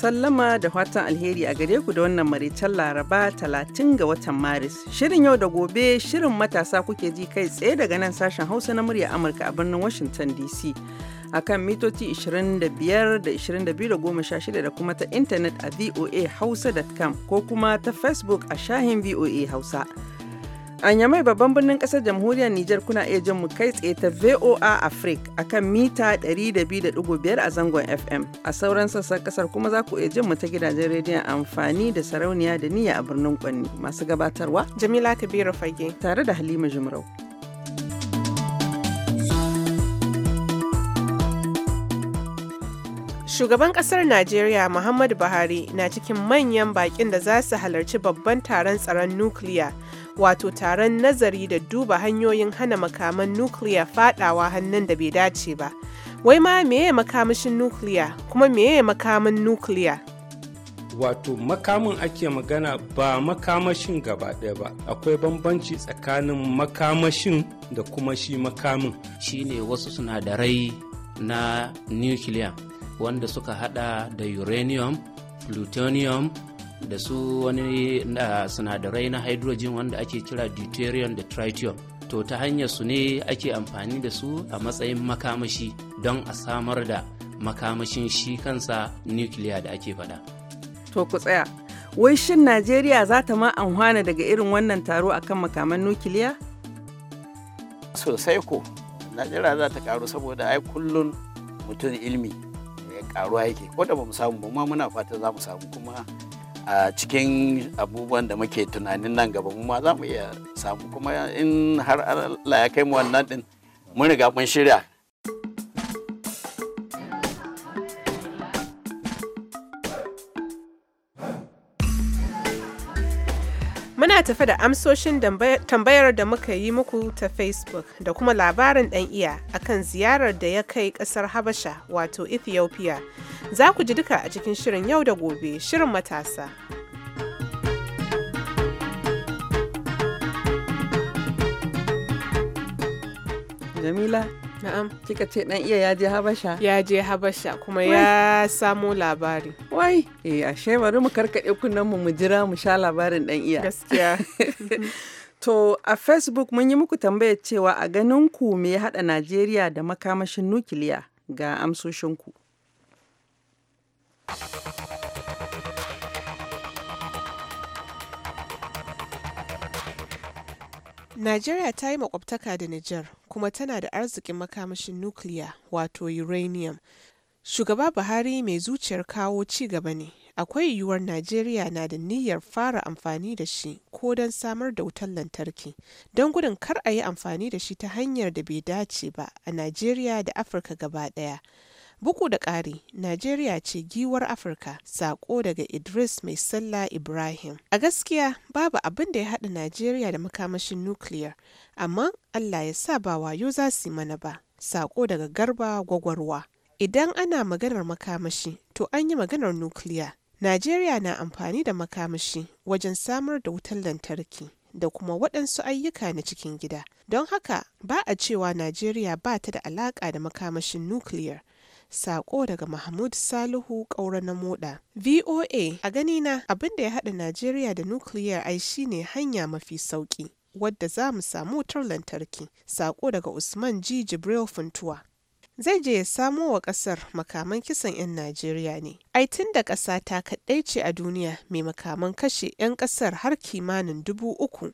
sallama da fatan alheri a gare ku da wannan maraicen laraba 30 ga watan maris shirin yau da gobe shirin matasa kuke ji kai tsaye daga nan sashen hausa na murya amurka a birnin washington dc a kan mitoci 25 da 22 da kuma ta intanet a voa hausa.com ko kuma ta facebook a shahin voa hausa. A mai babban birnin kasar jamhuriyar Nijar kuna iya jin mu kai tsaye ta VOA Africa akan mita 102.5 a zangon FM. A sauran sassan kasar kuma za ku iya jin mu ta gidajen rediyon amfani da sarauniya da niyya a birnin Kwanni. Masu gabatarwa Jamila Kabiru Fage tare da Halima Jumrau. Shugaban ƙasar Najeriya Muhammadu Buhari na cikin manyan baƙin da za su halarci babban taron tsaron nukiliya. wato taron nazari da duba hanyoyin hana makaman nukiliya fadawa hannun da bai dace ba wai ma meye makamashin nukiliya kuma meye makamin nukiliya wato makamin ake magana ba makamashin gaba ɗaya ba akwai bambanci tsakanin makamashin da kuma shi makamin Shi ne wasu sinadarai na nukiliya wanda suka hada da uranium plutonium da su wani sinadarai na hydrogen wanda ake kira deuterium da tritium to ta hanyar su ne ake amfani da su a matsayin makamashi don a samar da makamashin shi kansa nukiliya da ake faɗa. to ku tsaya wai shin najeriya za ta ma amfana daga irin wannan taro akan makaman nukiliya sosai ko najeriya za ta karu saboda ai kullun mutum ilmi mai karuwa yake ko da ba mu samu ba muna fatan za mu samu kuma a cikin abubuwan da muke tunanin nan gaba mu ma za mu iya samu kuma in har Allah ya kai mu wannan din mun riga mun shirya Muna tafe da amsoshin tambayar da muka yi muku ta Facebook da kuma labarin dan iya akan ziyarar da ya kai kasar Habasha wato Ethiopia. Za ku ji duka a cikin shirin yau da gobe, shirin matasa. Jamila, Na'am, kika ce ɗan iya ya je Habasha? Ya je Habasha kuma ya samo labari. Wai, eh ashe bari mu karkade kunnen mu mu jira mu sha labarin dan iya. Gaskiya. To a Facebook mun yi muku tambayar cewa a ganin ku me ya haɗa Najeriya da makamashin nukiliya ga amsoshinku. ku. Najeriya ta yi makwabtaka da Nijar kuma tana da arzikin makamashin nukiliya wato uranium. Shugaba Buhari mai zuciyar kawo ci gaba ne, akwai yiwuwar Najeriya na da niyyar fara amfani da shi ko don samar da wutar lantarki, don gudun kar a yi amfani da shi ta hanyar da bai dace ba a Najeriya da Afirka gaba ɗaya. Buku da ƙari, Najeriya ce giwar Afirka, saƙo daga Idris Mai Sallah Ibrahim. A gaskiya babu abin da ya haɗa Najeriya da makamashin nukiliyar, amma Allah ya sa ba wayo za su yi mana ba, saƙo daga Garba Gwagwarwa. Idan ana maganar makamashi, to an yi maganar nukiliya. Najeriya na amfani da makamashi wajen samar da wutar lantarki. da kuma waɗansu ayyuka na cikin gida. Don haka ba a cewa Najeriya ba ta da alaƙa da makamashin nukiliyar. Sako daga Mahmud Salihu ƙaura na moda. VOA a ganina abin da ya haɗa Najeriya da nukiliyar ai shine hanya mafi sauƙi. Wadda za mu samu wutar lantarki, sako daga Usman G. Jibril Funtuwa. zai je ya samo wa ƙasar makaman kisan 'yan Najeriya ne. Ai tun da ƙasa ta kaɗai ce a duniya mai makaman kashe 'yan ƙasar har kimanin dubu uku,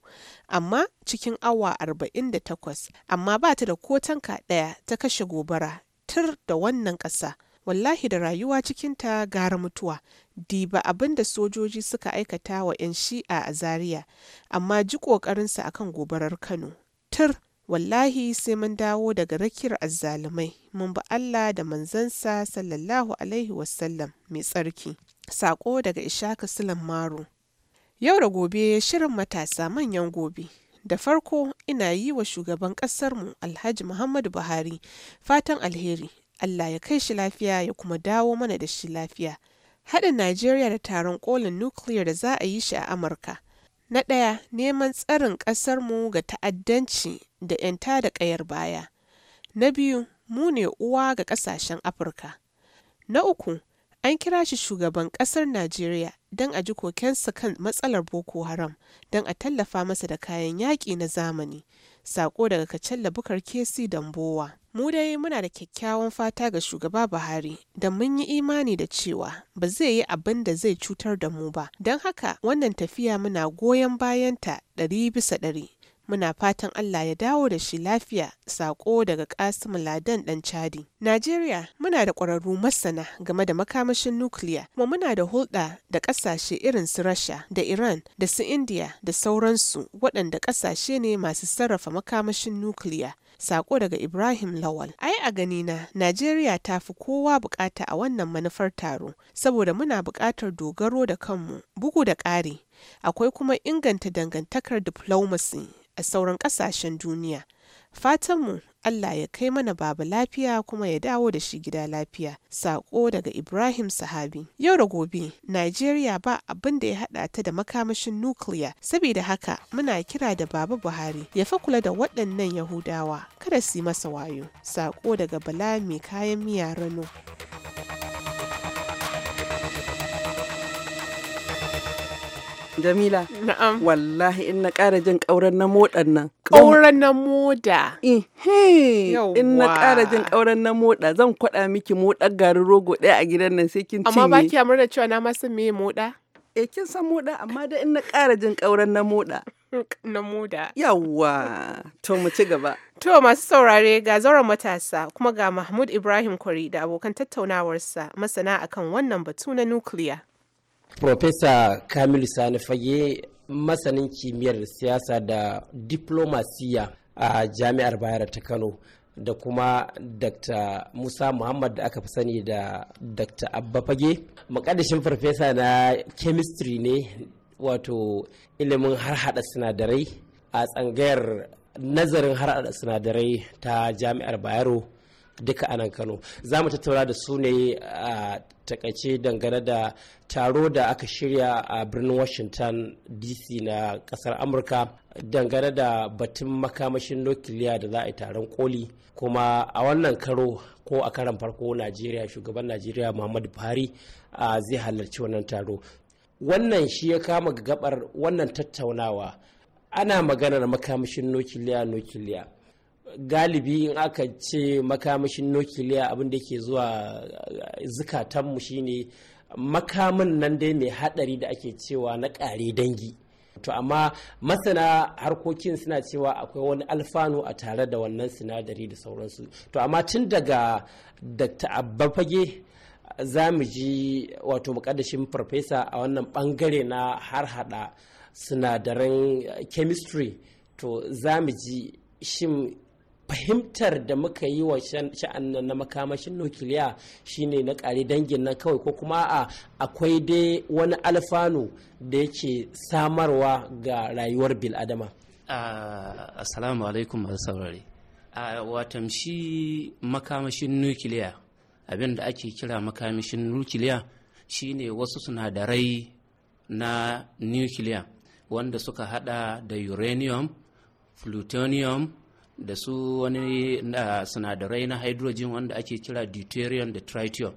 amma cikin awa arba'in da takwas, amma ba ta da ko tanka ɗaya ta kashe gobara tir da wannan ƙasa wallahi da rayuwa cikinta gara mutuwa diba abin da sojoji suka aikata wa 'yan shi'a a zaria amma ji ƙoƙarinsa akan gobarar kano tir wallahi sai mun dawo daga rakiyar azzalumai mun bi allah da manzansa sallallahu alaihi wasallam mai tsarki sako daga ishaka sulan maro yau da gobe shirin matasa manyan gobe da farko ina yi wa shugaban ƙasarmu Alhaji Muhammadu Buhari fatan alheri, Allah ya kai shi lafiya ya kuma dawo mana da shi lafiya. Haɗin Najeriya da taron kolin nukiliyar da za a yi shi a Amurka. Na ɗaya, neman tsarin ƙasarmu ga ta'addanci da 'yanta da ƙayar baya. Na biyu, mu ne uwa ga ƙasashen Afirka. Na uku, An kira shi shugaban ƙasar Najeriya don a ji kokensa kan matsalar Boko Haram don a tallafa masa da kayan yaƙi na zamani. Sako daga Kacalla Bukar Kesi Dambowa. Mu dai muna da kyakkyawan fata ga shugaba Buhari da mun yi imani da cewa ba zai yi abin da zai cutar da mu ba. Don haka wannan tafiya muna goyon bayanta ɗari bisa ɗari Muna fatan Allah ya dawo da shi lafiya, saƙo daga Kasimu Ladan ɗan Chadi. Najeriya muna da ƙwararru masana game da makamashin nukiliya, kuma muna da hulɗa da ƙasashe irin su Rasha da Iran da su India da sauransu waɗanda ƙasashe ne masu sarrafa makamashin nukiliya. Sako daga Ibrahim Lawal. Ai a ganina, Najeriya ta fi kowa bukata a wannan manufar taro, saboda muna bukatar dogaro da kanmu, bugu da ƙari. Akwai kuma inganta dangantakar diplomacy a sauran ƙasashen duniya. Fatanmu Allah ya kai mana baba lafiya kuma ya dawo da shi gida lafiya. Sako daga Ibrahim Sahabi. Yau da gobe, Najeriya ba abin da ya haɗa ta da makamashin nukiliya. Saboda haka muna kira da Baba Buhari ya fi kula da waɗannan Yahudawa kada su yi masa wayo. Sako daga Bala mai kayan miya Rano. Jamila. Na'am. Wallahi in na ƙara jin ƙauren na moɗan nan. Ƙauren na moda. Ihe. In na ƙara jin ƙauren na moɗa zan kwaɗa miki moɗar garin rogo ɗaya a gidan nan sai kin cinye. Amma ba ki da cewa na ma san me moɗa? E kin san moɗa amma da in na ƙara jin ƙauren na moɗa. na moda. Yawwa, to mu ci gaba. To masu saurare ga zauren matasa kuma ga Mahmud Ibrahim Kwari da abokan tattaunawarsa masana akan wannan batu na nukiliya. Profesa Kamilu Sani Fage masanin kimiyyar siyasa da diplomasiya a jami'ar Bayero ta Kano da kuma Dr. Musa Muhammad da aka fi sani da Dr. Abba Fage. Makadashin farfesa na chemistry ne wato ilimin har harhaɗa sinadarai a tsangayar nazarin har harhaɗa sinadarai ta jami'ar Bayero. duka anan kano za mu tattauna da su ne a takaice dangane da taro da aka shirya a birnin washington dc na kasar amurka dangane da batun makamashin nukiliya da za a yi taron koli kuma a wannan karo ko a karan farko najeriya shugaban najeriya muhammadu buhari zai halarci wannan taro wannan shi ya kama gabar wannan tattaunawa ana maganar makamashin nukiliya nukiliya galibi in aka ce makamashin nukiliya abinda da ke zuwa eh, zukatanmu shine makamin nan dai mai hadari da ake cewa na kare dangi to amma masana harkokin suna cewa akwai wani alfanu a tare da wannan sinadari da sauransu to amma tun daga dr abba fage za mu ji wato mukaddashin farfesa a wannan bangare na har hada sinadaran eh, chemistry to za mu ji shin fahimtar da muka yi wa sha'an na makamashin nukiliya shine na kare dangin nan kawai ko kuma a akwai dai wani alfanu da yake samarwa ga rayuwar biladama assalamu alaikum masu saurari watan shi makamashin nukiliya abinda ake kira makamashin nukiliya shine wasu sinadarai na nukiliya wanda suka hada da uranium plutonium da su wani sinadarai na hydrogen wanda ake kira deuterium da tritium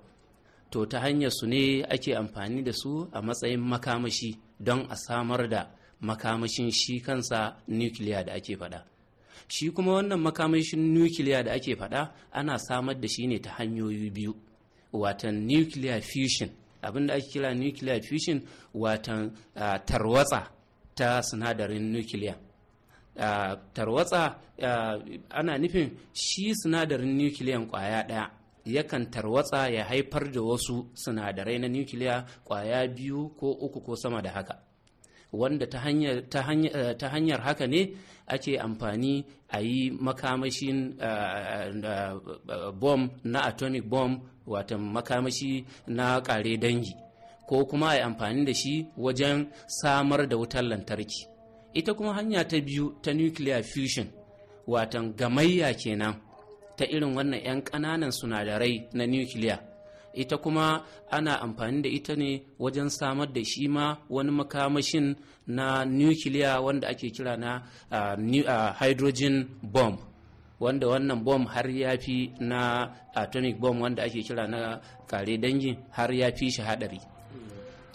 to ta hanyar su ne ake amfani da su a matsayin makamashi don a samar da makamashin shi kansa nukiliya da ake faɗa shi kuma wannan makamashin nukiliya da ake faɗa ana samar da shi ne ta hanyoyi biyu watan nuclear fusion abinda ake kira nukiliya fusion watan ah, tarwatsa ta sinadarin nukiliya tarwatsa ana nufin shi sinadarin nukiliyan kwaya ɗaya yakan tarwatsa ya haifar da wasu sinadarai na nukiliya kwaya biyu ko uku ko sama da haka wanda ta eh, hanyar haka ne ake amfani a yi makamashin eh, eh, bom na atomic bom wata makamashi na kare dangi ko kuma a yi amfani da shi wajen samar da wutar lantarki ita kuma hanya ta biyu ta nuclear fusion watan gamayya kenan ta irin wannan 'yan ƙananan sunadarai na nuclear ita kuma ana amfani da ita ne wajen samar da shi ma wani makamashin na nuclear wanda ake kira na uh, hydrogen bomb wanda wannan bom har ya fi na atomic bomb wanda ake kira na kare dangi har ya fi shi hadari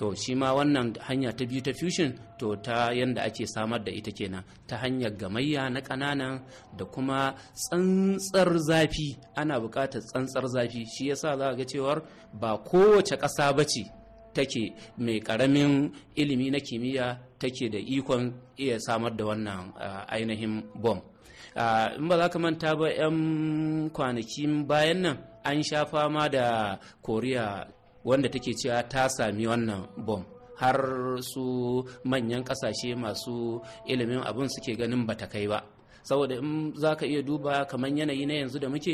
to shi ma wannan hanya ta biyu ta fushin, to ta yanda ake samar da ita kenan ta hanyar gamayya na ƙananan da kuma tsantsar zafi ana buƙatar tsantsar zafi shi yasa za ga cewar ba kowace ƙasa ba ce take mai ƙaramin ilimi na kimiyya take da ikon iya samar da wannan ainihin bom in ba za ka manta ba 'yan kwanakin bayan nan an sha fama da koriya wanda take cewa ta sami wannan bom har su manyan kasashe masu ilimin abin suke ganin bata kai ba saboda in za ka iya duba kamar yanayi na yanzu da muke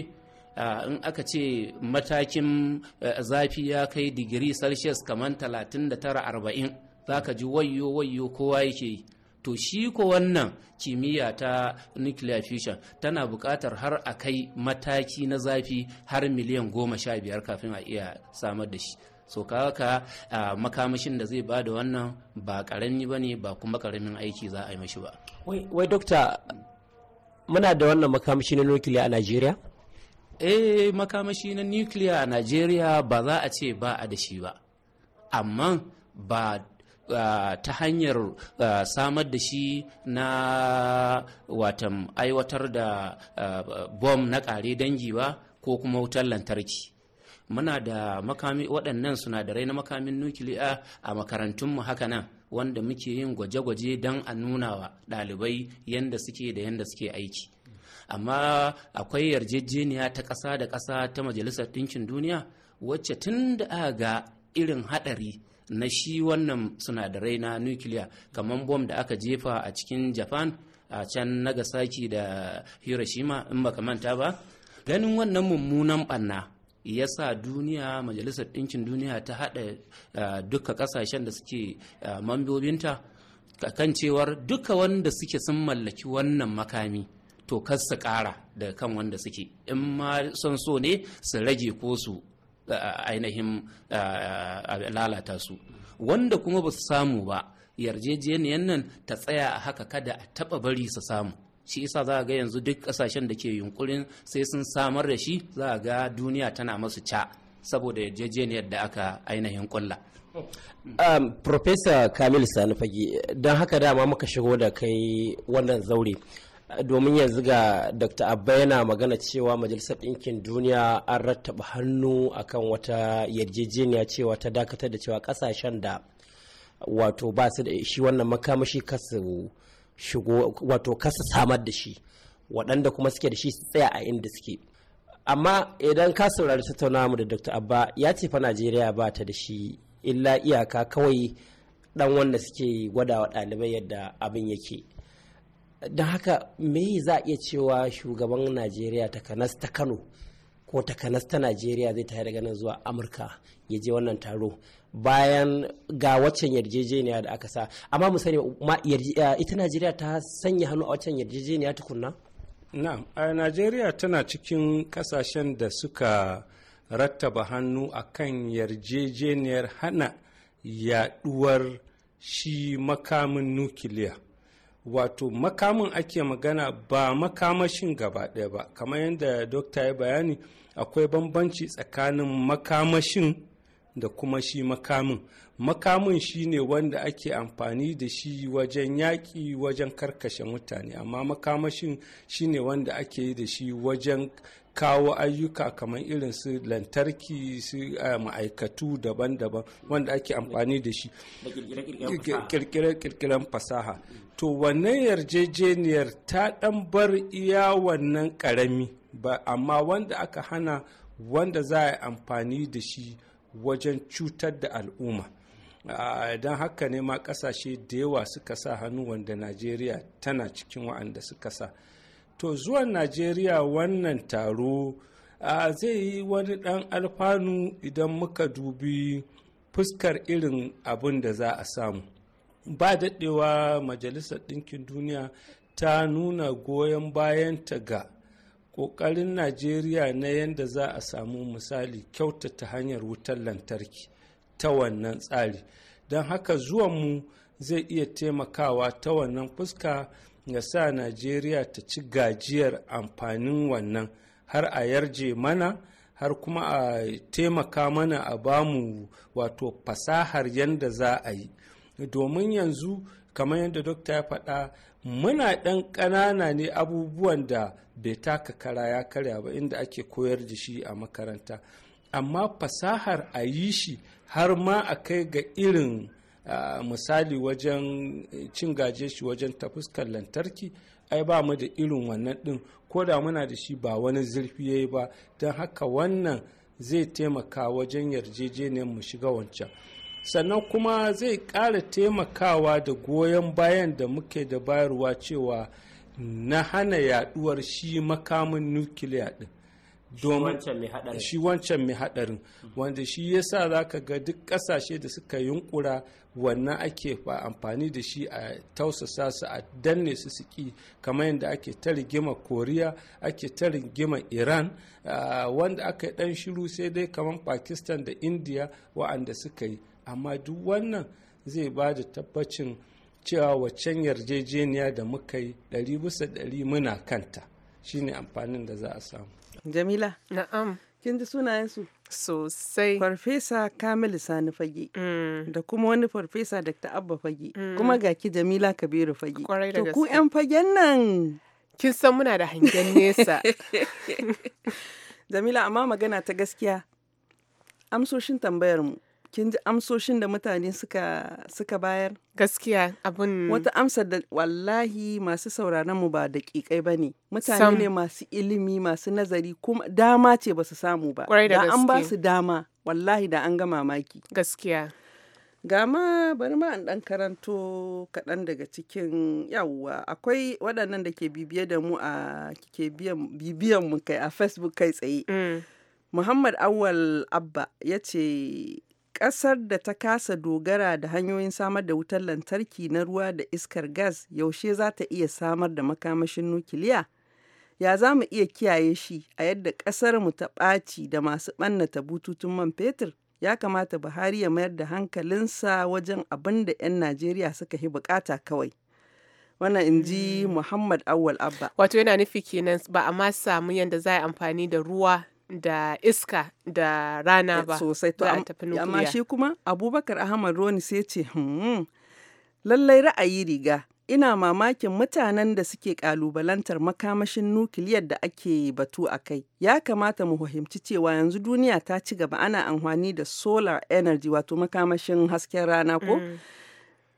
in aka ce matakin eh, zafi ya kai digiri celsius kamar 39-40 za ka ji wayo wayo kowa yake yi to shi ko wannan kimiyya ta nuclear fusion tana buƙatar har a kai mataki na zafi har miliyan goma sha biyar kafin a iya samar da shi so kaka uh, makamashin da zai bada wannan ba karami ba ne ba kuma karamin aiki za a yi mashi ba wai dokta muna da wannan makamashi na nuclear a Nigeria. eh makamashi na nuclear a Nigeria ba za a ce ba a da shi ba amma ba ta hanyar samar da shi na watan aiwatar da bom na ƙare dangi ba ko kuma wutar lantarki muna da makami waɗannan sunadarai na makamin nukiliya a makarantunmu haka nan wanda muke yin gwaje-gwaje don a nuna wa ɗalibai yadda suke da yadda suke aiki amma akwai yarjejeniya ta ƙasa da ƙasa ta majalisar ɗinkin duniya wacce tun da ga irin haɗari na shi wannan sinadarai na nukiliya kamar bom da aka jefa a cikin japan a can nagasaki da hiroshima in baka manta ba ganin wannan mummunan banna ya sa duniya majalisar ɗinkin duniya ta haɗa duka ƙasashen da suke mambobinta kan cewar duka wanda suke sun mallaki wannan makami to kar su ƙara daga kan wanda suke in ma son so ne su rage ko su ainihin lalata su wanda kuma ba su samu ba yarjejeniyan nan ta tsaya a haka kada a taɓa bari su samu shi isa za a ga yanzu duk ƙasashen da ke yunkurin sai sun samar da shi za a ga duniya tana masu ca saboda yarjejeniyar da aka ainihin kulla. Um, Kamil Sanufagi don haka dama muka shigo da kai wannan zaure. domin yanzu ga dr abba yana magana cewa majalisar ɗinkin duniya an rattaba hannu akan wata yarjejeniya cewa ta dakatar da cewa ƙasashen da wato ba su da shi wannan makamashi kasu shigo wato kasa samar da shi waɗanda kuma suke da shi su tsaya a inda suke amma idan ka saurari tattaunawa mu da dr abba ya ce fa najeriya ba ta da shi illa iyaka kawai dan wanda suke gwada wa ɗalibai yadda abin yake don haka me za a iya cewa shugaban najeriya kanas ta kano ko kanas ta najeriya zai tafi daga nan zuwa amurka ya je wannan taro bayan ga waccan yarjejeniya da aka sa amma mu sani eh, ita najeriya ta sanya hannu a waccan yarjejeniya tukunna na a najeriya tana cikin kasashen da suka rattaba hannu a kan yarjejeniyar hana yaduwar shi makamin nukiliya wato makamin ake magana ba makamashin gaba ɗaya ba kamar yadda dokta ya bayani akwai bambanci tsakanin makamashin da kuma shi makamin makamin shine wanda ake amfani da shi wajen yaƙi wajen karkashe mutane amma makamashin shine ne wanda ake yi da shi wajen kawo ayyuka kamar irin su lantarki su eh, ma'aikatu daban-daban wanda ake amfani da shi kirkiren fasaha to wannan yarjejeniyar ta ɗan bar iya wannan ƙarami ba amma wanda aka hana wanda za a yi amfani da shi wajen cutar da al'umma don haka ne ma kasashe da yawa suka sa hannu wanda najeriya tana cikin wa'anda suka sa to zuwan najeriya wannan taro zai yi wani dan alfanu idan muka dubi fuskar irin abin da za a samu ba daɗewa majalisar ɗinkin duniya ta nuna goyon bayanta ga ƙoƙarin najeriya na yadda za a samu misali kyautata hanyar wutar lantarki ta wannan tsari don haka zuwanmu zai iya taimakawa ta wannan fuska ya sa najeriya ta ci gajiyar amfanin wannan har a yarje mana har kuma a taimaka mana a bamu wato fasahar yadda za a yi domin yanzu kamar yadda dokta ya faɗa muna ɗan ƙanana ne abubuwan da bai taka kara ya karya ba inda ake koyar da shi a makaranta amma fasahar a yi shi har ma a kai ga irin misali wajen cin gaje shi wajen ta fuskar lantarki ai ba mu da irin wannan ɗin ko da muna da shi ba wani zurfi ya yi ba don haka wannan zai taimaka wajen yarjejeniyar mu shiga wancan sannan kuma zai ƙara taimakawa da goyon bayan da muke da bayarwa cewa na hana yaduwar shi makamin nukiliya din shi wancan mai hadarin wanda shi ya sa za ka ga duk ƙasashe da suka yunkura wannan ake amfani da shi a tausasa su a danne su suki kamar yadda ake ta rigima koriya ake ta rigima iran ah, wanda aka yi ɗan shiru sai dai kamar pakistan da india wa'anda suka yi amma duk wannan zai ba da tabbacin cewa waccan yarjejeniya da muka yi ɗari bisa ɗari muna kanta shine amfanin da za a samu jamila na'am kin ji sunayensu sosai farfesa kamilu sani fage mm. da kuma wani farfesa dr abba fage mm. kuma ga jamila kabiru fage to ku yan fagen nan kin san muna da hangen nesa jamila amma magana ta gaskiya amsoshin tambayar mu kin ji amsoshin da mutane suka suka bayar gaskiya abun wata amsa da wallahi masu sauraron mu ba daƙiƙai ba ne mutane ne masu ilimi masu nazari kuma dama ce ba su samu ba da an ba su dama wallahi da an ga mamaki gaskiya gama bari ma an dan karanto kaɗan daga cikin yawwa akwai waɗannan da ke bibiye da mu a ke bibiyan mu kai a facebook kai tsaye mm. muhammad awal abba ya ce Ƙasar da ta kasa dogara da hanyoyin samar da wutar lantarki na ruwa da iskar gas yaushe za ta iya samar da makamashin nukiliya? Ya za mu iya kiyaye shi a yadda mu ta ɓaci da masu ɓannata bututun man fetur? Ya kamata Buhari ya mayar da hankalinsa wajen abin da 'yan Najeriya suka yi bukata kawai. wannan in ji mm. muhammad awal abba wato yana nufi kenan ba a ma samu yadda za a amfani da ruwa da iska da rana eh, ba sosai to amma shi kuma abubakar ahmad roni sai ce hmm, lallai ra'ayi riga ina mamakin mutanen da suke kalubalantar makamashin nukiliyar da ake batu a kai ya kamata mu fahimci cewa yanzu duniya ta ci gaba ana amfani da solar energy wato makamashin hasken rana ko mm.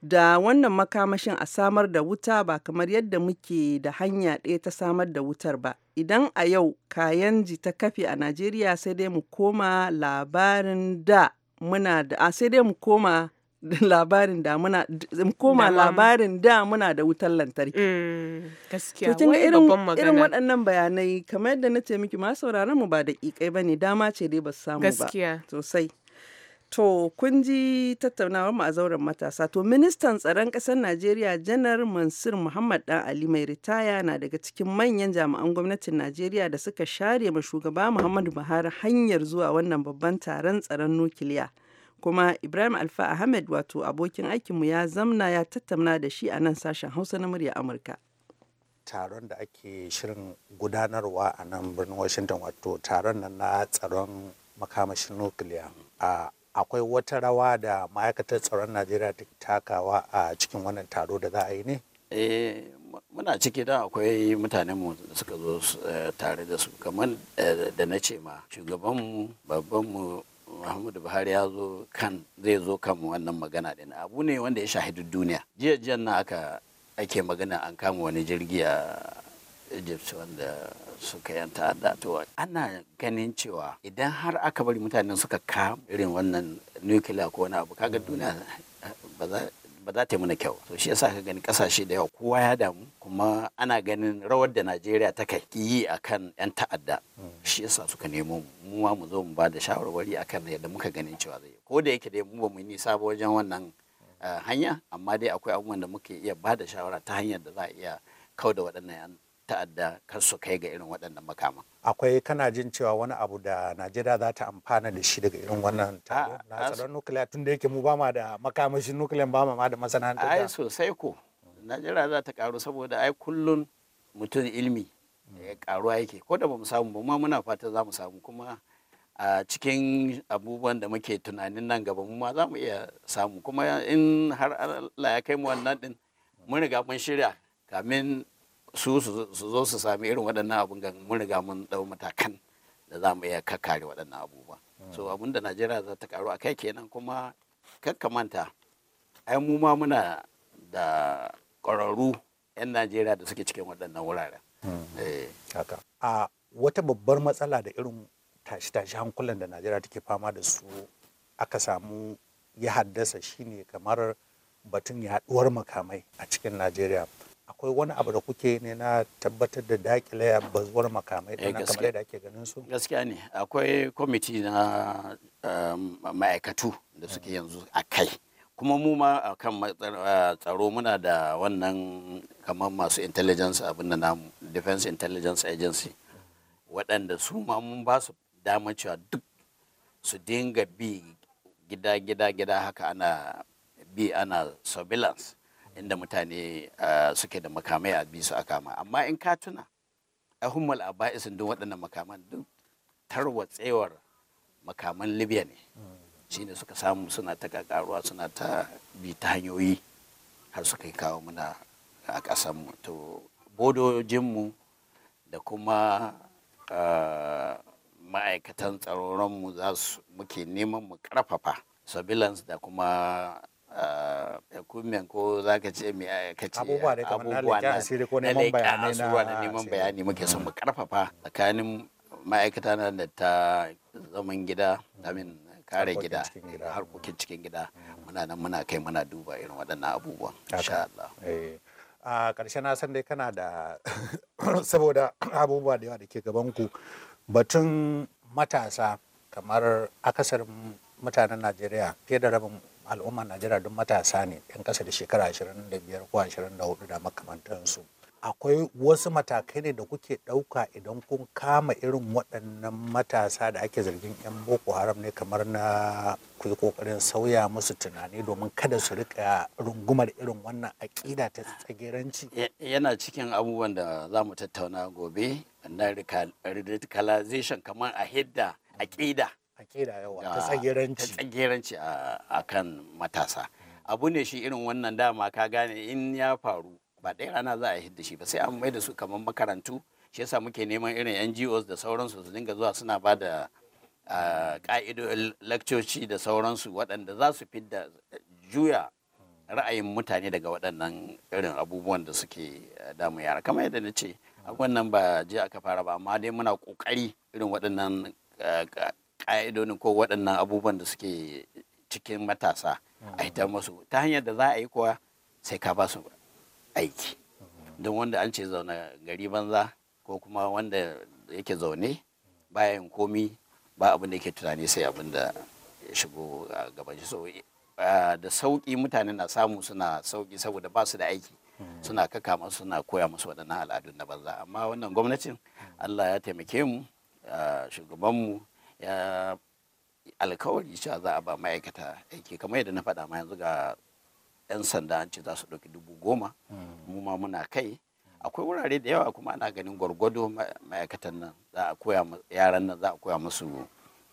da wannan makamashin a samar da wuta ba kamar yadda muke da hanya ɗaya ta samar da wutar ba idan a yau kayan ji ta kafe a najeriya sai dai mu koma labarin da muna da sai dai mu koma labarin da muna mu koma labarin da muna da wutar lantarki mm, gaskiya to irin irin waɗannan bayanai kamar yadda na ce miki ma sauraron mu ba da ƙiƙai bane dama ce dai ba samu ba sosai To, kun ji tattaunawar mu a zauren matasa. To, ministan tsaron ƙasar Najeriya Janar Mansur Muhammad Dan Ali mai ritaya na daga cikin manyan jami'an gwamnatin Najeriya da suka share ma shugaba Muhammadu Buhari hanyar zuwa wannan babban taron tsaron nukiliya. Kuma Ibrahim Alfa Ahmed wato abokin aikinmu ya zamna ya tattauna da shi a nan sashen Hausa na murya Amurka. taron da ake shirin gudanarwa a nan birnin washington wato taron nan na tsaron makamashin nukiliya a akwai wata rawa da ma'aikatar tsaron najeriya ta takawa a cikin wannan taro da za a yi ne eh muna ciki da akwai mutane mu da suka zo eh, tare da su kamar eh, da na ce ma shugabanmu babbanmu Muhammadu Buhari ya zo kan zai zo kan wannan magana din abu ne wanda ya shahidu duniya jiya jiyan na aka ake magana an kama wani jirgi a Egypt wanda suka yan ta'adda to ana ganin cewa idan har aka bari mutanen suka ka irin wannan nukiliya ko wani abu kaga duniya eh, ba za ba za ta yi mana kyau to shi yasa ka gani kasashe da yawa kowa ya damu kuma ana ganin rawar da Najeriya ta kai yi akan yan ta'adda shi yasa suka nemo mu ma mu zo mu ba da shawarwari akan yadda muka ganin cewa zai ko da yake dai mu ba mu nisa ba wajen wannan eh, hanya amma dai akwai abubuwan da muke iya ba da shawara ta hanyar da za a iya kau da waɗannan ta'adda kan su kai ga irin waɗannan makaman. Akwai kana jin cewa wani abu da Najeriya za ta amfana da shi daga irin wannan na tsaron nukiliya tun da yake mu ba ma da makamashin nukiliyan ba ma da masana'antu. Ai sosai ko Najeriya za ta karu saboda ai kullun mutum ilmi mm. ya karuwa yake ko da ba mu samu ba ma muna fata za mu samu kuma a cikin abubuwan da muke tunanin nan gaba mu ma za mu iya samu kuma in har Allah ya kai mu wannan din mun riga mun shirya kamin su su zo su sami irin waɗannan abun ga mun riga mun ɗau matakan da za mu iya kakkare waɗannan abubuwa so hmm. abun da najeriya za ta karu a kai kenan kuma kakkamanta ai mu ma muna da ƙwararru 'yan najeriya da suke cikin waɗannan wuraren hmm. eh. a wata babbar matsala da irin tashi-tashi hankulan da najeriya take fama da su aka samu ya haddasa shine kamar batun yaɗuwar makamai a cikin najeriya akwai wani abu da kuke ne na tabbatar da dakile bazuwar makamai da eh, na kamar da ake ganin su gaskiya ne akwai kwamiti na um, ma'aikatu da suke mm. yanzu a kai kuma mu ma a kan tsaro muna da wannan kamar masu intelligence abin da namu defense intelligence agency waɗanda su ma mun ba su damar cewa duk su dinga bi gida gida gida haka ana bi ana surveillance inda mutane eh, suke da makamai a su a kama amma in ka tuna ahummal a ba'isin duk waɗannan makaman duk tarwatsewar makaman libya ne shine suka samu suna ta ƙaƙaruwa suna ta bi ta hanyoyi har suka yi kawo muna a ƙasanmu to bodojinmu da kuma eh, ma'aikatan tsaronmu za su muke neman mu ƙarfafa surveillance da kuma kumen ah, ko za ka ce mai ka ce abubuwa da kamar na da neman bayani muke son mu karfafa tsakanin ma'aikata na da ta zaman gida damin kare gida harkokin cikin gida mm. muna nan muna kai muna duba irin waɗannan abubuwan insha Allah eh. a ƙarshen na san dai kana da saboda abubuwa da yawa da ke gabanku batun matasa kamar akasarin mutanen Najeriya fiye da rabin al'ummar najeriya duk matasa ne yan kasa da shekara 25 ko 24 da makamantansu akwai wasu matakai ne da kuke ɗauka idan kun kama irin waɗannan matasa da ake zargin 'yan boko haram ne kamar na ku yi ƙoƙarin sauya musu tunani domin kada su rika rungumar irin wannan aƙida ta tsageranci yana cikin abubuwan da za mu tattauna gobe na radicalization kamar a hidda aƙida akida yawa ta tsageranci ta a kan matasa abu ne shi irin wannan dama ka gane in ya faru ba ɗaya rana za a hidda shi ba sai an mai da su kamar makarantu shi yasa muke neman irin NGOs da sauransu su dinga zuwa suna ba da ƙa'idodin lakcoci da sauransu waɗanda za su fidda juya ra'ayin mutane daga waɗannan irin abubuwan da suke damu yara kamar yadda na ce wannan ba je aka fara ba amma dai muna ƙoƙari irin waɗannan ƙa'idodin ko waɗannan abubuwan da suke cikin matasa a ita masu mm. ta hanyar da za a yi kuwa sai ka ba su aiki don wanda an ce zaune gari banza ko kuma wanda yake zaune bayan komi ba abin da yake tunani sai abin da ya shigo a gaban shi so da sauƙi mutane na samu suna sauƙi saboda ba su da aiki mm. suna kaka masu suna koya masu waɗannan al'adun na banza amma wannan gwamnatin mm. allah ya taimake mu shugabanmu ya alkawari cewa za a ba ma'aikata aiki kamar yadda na faɗa ma yanzu ga 'yan sanda an ce za su ɗauki dubu goma hmm. mu ma muna kai akwai wurare da yawa kuma ana ganin gwargwado ma'aikatan nan za a koya yaran nan za a koya musu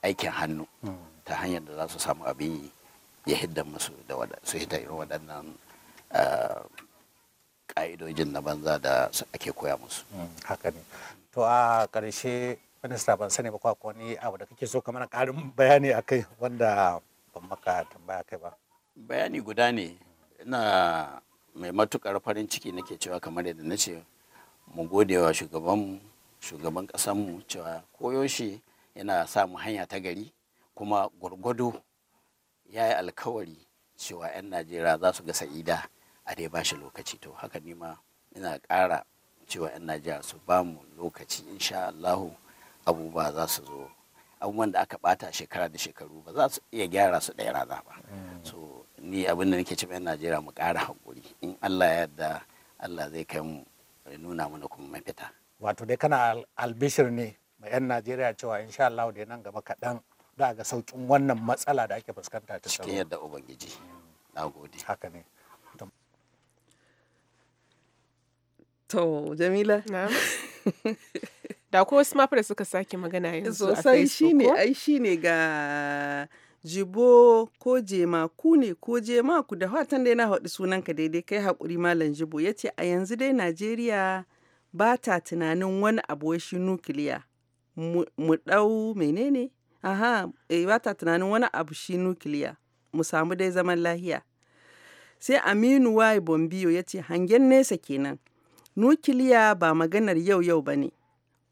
aikin hannu hmm. ta hanyar da za su samu abin yi ya hidda musu da su hita irin waɗannan ah, ƙa'idojin na banza da ake koya musu hmm, haka ne to a ƙarshe minista ban sani ba ko wani abu da kake so kamar karin bayani a kai wanda ban maka tambaya kai ba bayani guda ne ina mai matukar farin ciki nake cewa kamar yadda na ce mu gode wa shugabanmu shugaban mu cewa koyaushe yana samu hanya ta gari kuma gwargwado ya yi alkawari cewa 'yan najeriya za su ga sa'ida a dai ba shi lokaci to haka nima ina ƙara cewa 'yan najeriya su ba mu lokaci insha allahu abubuwa za su zo abubuwan da aka bata shekara da shekaru ba za su iya gyara su ɗaya rana ba mm. so ni abin da nake cewa yan najeriya mu ƙara hakuri in allah ya yarda allah zai kai mu nuna mana kuma mafita wato dai kana albishir ne ma yan najeriya cewa insha allah da nan gaba kaɗan za ga saukin wannan matsala da ake fuskanta ta cikin yadda ubangiji na gode haka ne to jamila da ko wasu mafi da suka sake magana yanzu a facebook shine ai shine ga jibo ko jema ku ne ko jema ku da fatan dai na haɗu sunanka daidai kai haƙuri malam jibo ya ce a yanzu dai najeriya ba ta tunanin wani abu shi nukiliya mu ɗau menene aha e, ba ta tunanin wani abu shi nukiliya mu samu dai zaman lahiya sai aminu wai bombiyo ya ce hangen nesa kenan nukiliya ba maganar yau yau ba ne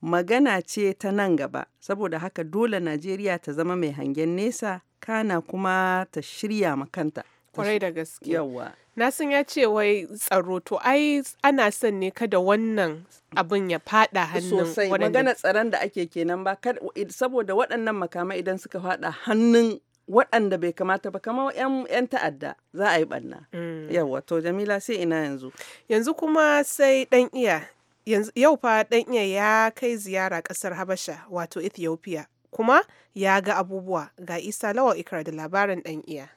magana ce ta nan gaba saboda haka dole Najeriya ta zama mai hangen nesa kana kuma ta shirya makanta. Kwarai da gaske. Yawwa. ya ce wai tsaro to ai ana son ne kada wannan abin ya fada hannun sosai magana tsaron da ake kenan ba saboda waɗannan makamai idan suka fada hannun waɗanda bai kamata ba kamar 'yan ta'adda za a yi ɓanna. Mm. yawa to Jamila sai ina yanzu. Yanzu kuma sai ɗan iya yau fa ɗanya ya kai ziyara ƙasar Habasha wato Ethiopia kuma ya ga abubuwa ga Isa Lawal Ikra da labarin ɗan iya.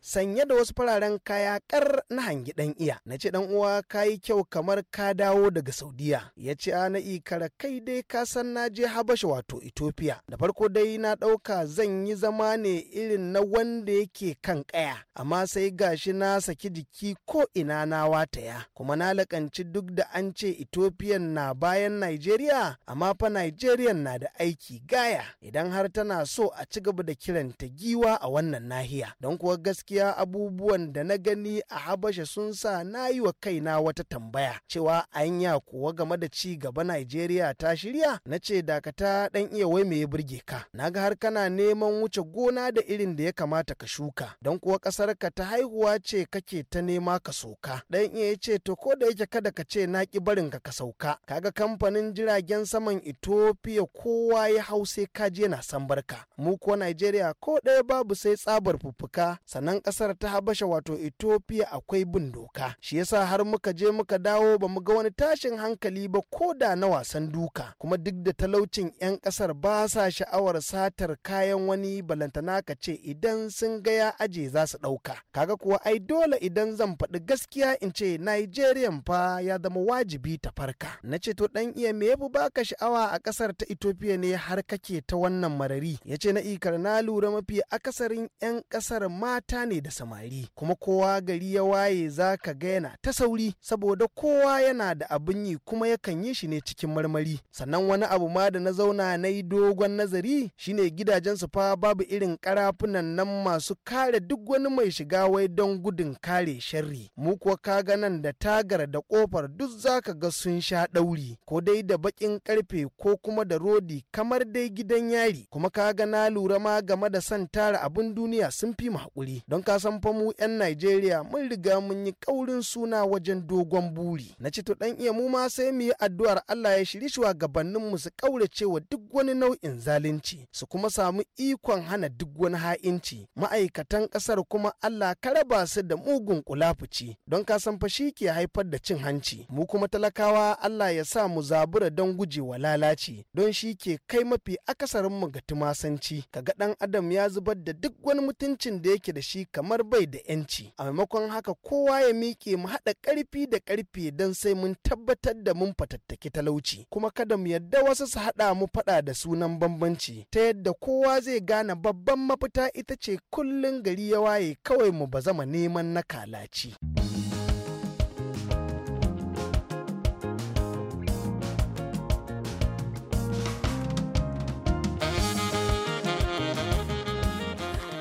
sanye da wasu fararen kaya kar na hangi dan iya na ce dan uwa kayi kyau kamar ka dawo daga saudiya ya ce na ikara kai dai ka san na je habasha wato ethiopia da farko dai na ɗauka zan yi zama ne irin na wanda yake kan kaya amma sai gashi na saki jiki ko ina na wataya kuma na lakanci duk da an ce ethiopian na bayan nigeria amma fa nigerian na da aiki gaya idan har tana so a ci gaba da kiranta giwa a wannan nahiya don kuwa gaskiya gaskiya abubuwan da na gani a habasha sun sa na yi wa kaina wata tambaya cewa anya kuwa game da ci gaba Najeriya ta shirya na ce dakata dan iya wai me ya burge ka na ga har kana neman wuce gona da irin da ya kamata ka shuka don kuwa kasar ka ta haihuwa ce kake ta nema ka soka dan iya ya ce to ko da yake kada ka ce na ki barin ka ka sauka kaga kamfanin jiragen saman Ethiopia kowa ya hau sai ka je na san barka mu ko Najeriya ko ɗaya babu sai tsabar fuffuka sannan 'yan kasar ta habasha wato ethiopia akwai bin doka shi yasa har muka je muka dawo ba mu ga wani tashin hankali ba ko da na wasan duka kuma duk da talaucin 'yan kasar ba sa sha'awar satar kayan wani balantana ka ce idan sun ga ya aje za su ɗauka kaga kuwa ai dole idan zan faɗi gaskiya in ce nigerian fa ya zama wajibi ta farka na ce to dan iya me yafi baka sha'awa a kasar ta ethiopia ne har kake ta wannan marari ya ce na ikar na lura mafi akasarin 'yan kasar mata ne da samari kuma kowa gari ya waye za ka ga yana ta sauri saboda kowa yana da abin yi kuma yakan yi shi ne cikin marmari sannan wani abu ma da na zauna na yi dogon nazari shine gidajen su fa babu irin karafunan nan masu kare duk wani mai shiga wai don gudun kare sharri mu kuwa ka ga nan da tagar da kofar duk za ka ga sun sha ɗauri ko dai da bakin karfe ko kuma da rodi kamar dai gidan yari kuma ka ga na lura ma game da son tara abin duniya sun fi mu haƙuri don ka san fa mu 'yan Najeriya mun riga mun yi kaurin suna wajen dogon buri. Na ci to dan iya mu ma sai mu yi addu'ar Allah ya shiri gabanin mu su kaurace wa duk wani nau'in zalunci su kuma samu ikon hana duk wani ha'inci. Ma'aikatan kasar kuma Allah ka raba su da mugun kulafuci don ka san fa shi ke haifar da cin hanci. Mu kuma talakawa Allah ya sa mu zabura don gujewa lalaci don shi ke kai mafi akasarin mu ga tumasanci. Kaga dan Adam ya zubar da duk wani mutuncin da yake da shi kamar bai da yanci a maimakon haka kowa ya miƙe mu haɗa ƙarfi da ƙarfe don sai mun tabbatar da mun fatattaki talauci kuma kada mu yadda wasu su haɗa mu faɗa da sunan bambanci ta yadda kowa zai gane babban mafita ita ce kullum gari ya waye kawai mu ba zama neman na kalaci.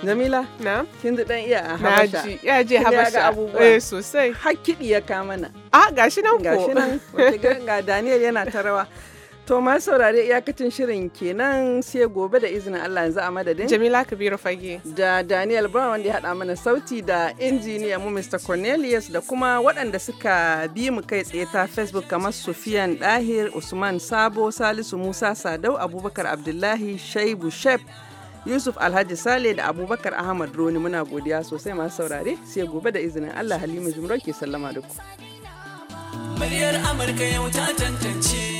Jamila? Na? Kin ji dan iya a Habasha. Naji, ya je Habasha. Eh sosai. Har ya kama na. Ah, gashi nan ko. Gashi nan. Ga Daniel yana ta rawa. To ma saurare iyakacin shirin kenan sai gobe da izinin Allah yanzu a madadin. Jamila Kabiru Fage. Da Daniel Brown wanda ya haɗa mana sauti da injiniya mu Mr. Cornelius da kuma waɗanda suka bi mu kai tsaye ta Facebook kamar Sufiyan Dahir, Usman Sabo, Salisu Musa Sadau, Abubakar Abdullahi, Shaibu Shep, Yusuf Alhaji Sale da Abubakar Ahmad Roni muna godiya sosai masu saurare sai gobe da izinin Allah Halima Jumrau ke sallama da ku. Muryar Amurka yau ta tantance